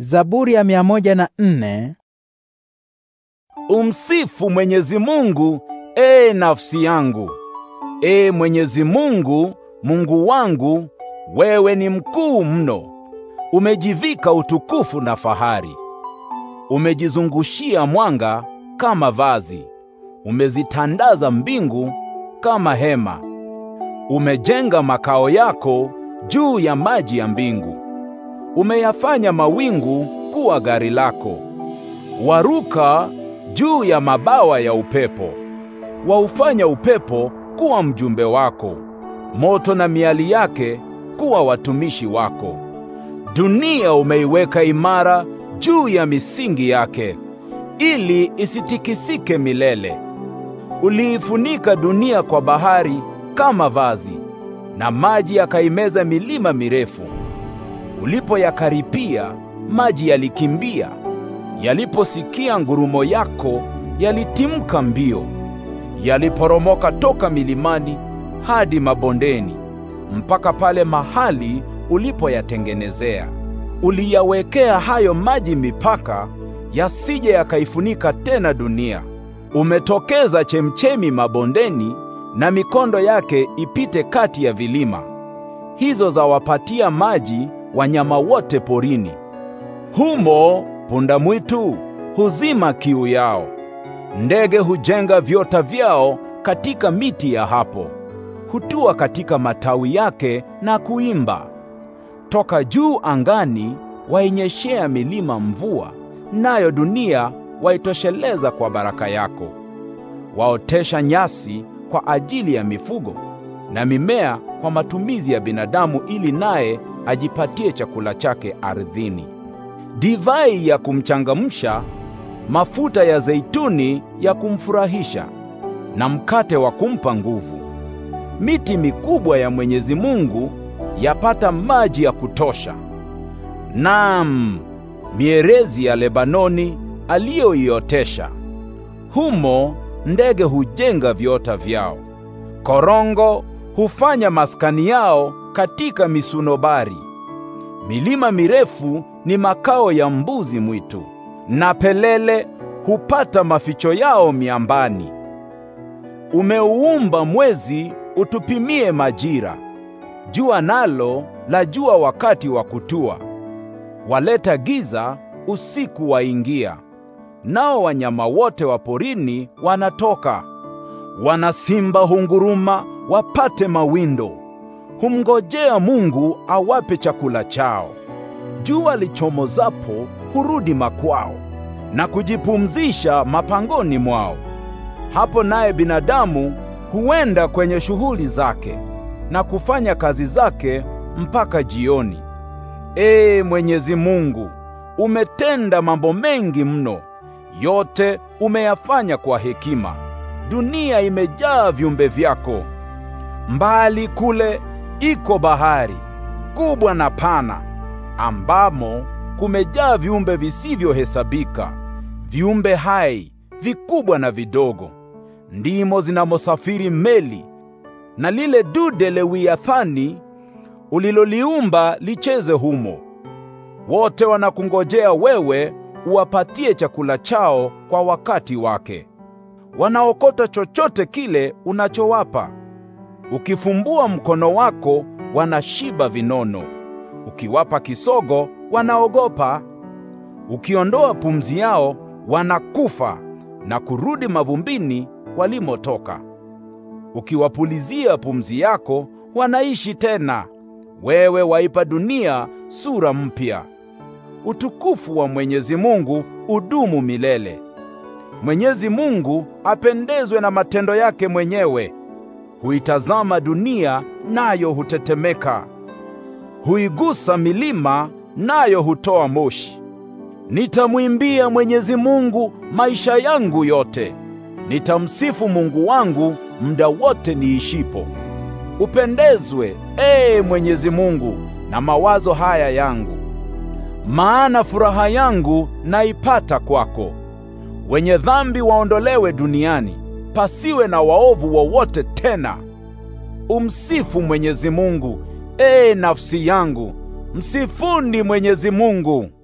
Zaburi ya mia moja na nne. Umsifu Mwenyezi Mungu, ee nafsi yangu. Ee Mwenyezi Mungu, Mungu wangu, wewe ni mkuu mno. Umejivika utukufu na fahari. Umejizungushia mwanga kama vazi. Umezitandaza mbingu kama hema. Umejenga makao yako juu ya maji ya mbingu umeyafanya mawingu kuwa gari lako, waruka juu ya mabawa ya upepo, waufanya upepo kuwa mjumbe wako, moto na miali yake kuwa watumishi wako. Dunia umeiweka imara juu ya misingi yake, ili isitikisike milele. Uliifunika dunia kwa bahari kama vazi, na maji yakaimeza milima mirefu. Ulipoyakaripia, maji yalikimbia, yaliposikia ngurumo yako yalitimka mbio, yaliporomoka toka milimani hadi mabondeni, mpaka pale mahali ulipoyatengenezea. Uliyawekea hayo maji mipaka, yasije yakaifunika tena dunia. Umetokeza chemchemi mabondeni, na mikondo yake ipite kati ya vilima. Hizo zawapatia maji wanyama wote porini. Humo punda mwitu huzima kiu yao, ndege hujenga viota vyao katika miti ya hapo, hutua katika matawi yake na kuimba. Toka juu angani wainyeshea milima mvua, nayo dunia waitosheleza kwa baraka yako. Waotesha nyasi kwa ajili ya mifugo na mimea kwa matumizi ya binadamu, ili naye ajipatie chakula chake ardhini, divai ya kumchangamsha, mafuta ya zeituni ya kumfurahisha, na mkate wa kumpa nguvu. Miti mikubwa ya Mwenyezi Mungu yapata maji ya kutosha. Naam, mierezi ya Lebanoni aliyoiotesha. Humo ndege hujenga viota vyao. Korongo hufanya maskani yao katika misunobari. Milima mirefu ni makao ya mbuzi mwitu, na pelele hupata maficho yao miambani. Umeuumba mwezi utupimie majira, jua nalo la jua wakati wa kutua. Waleta giza usiku waingia, nao wanyama wote wa porini wanatoka. Wanasimba hunguruma wapate mawindo humngojea Mungu awape chakula chao. Jua lichomozapo hurudi makwao na kujipumzisha mapangoni mwao. Hapo naye binadamu huenda kwenye shughuli zake na kufanya kazi zake mpaka jioni. Ee Mwenyezi Mungu, umetenda mambo mengi mno, yote umeyafanya kwa hekima. Dunia imejaa viumbe vyako. Mbali kule iko bahari kubwa na pana, ambamo kumejaa viumbe visivyohesabika, viumbe hai vikubwa na vidogo. Ndimo zinamosafiri meli, na lile dude Lewiathani uliloliumba licheze humo. Wote wanakungojea wewe uwapatie chakula chao kwa wakati wake, wanaokota chochote kile unachowapa. Ukifumbua mkono wako wanashiba vinono, ukiwapa kisogo wanaogopa. Ukiondoa pumzi yao wanakufa na kurudi mavumbini walimotoka. Ukiwapulizia pumzi yako wanaishi tena, wewe waipa dunia sura mpya. Utukufu wa Mwenyezi Mungu udumu milele. Mwenyezi Mungu apendezwe na matendo yake mwenyewe huitazama dunia nayo hutetemeka, huigusa milima nayo hutoa moshi. Nitamwimbia Mwenyezi Mungu maisha yangu yote, nitamsifu Mungu wangu muda wote niishipo. Upendezwe, ee Mwenyezi Mungu, na mawazo haya yangu, maana furaha yangu naipata kwako. Wenye dhambi waondolewe duniani pasiwe na waovu wowote wa tena. Umsifu Mwenyezi Mungu, ee nafsi yangu, msifuni Mwenyezi Mungu.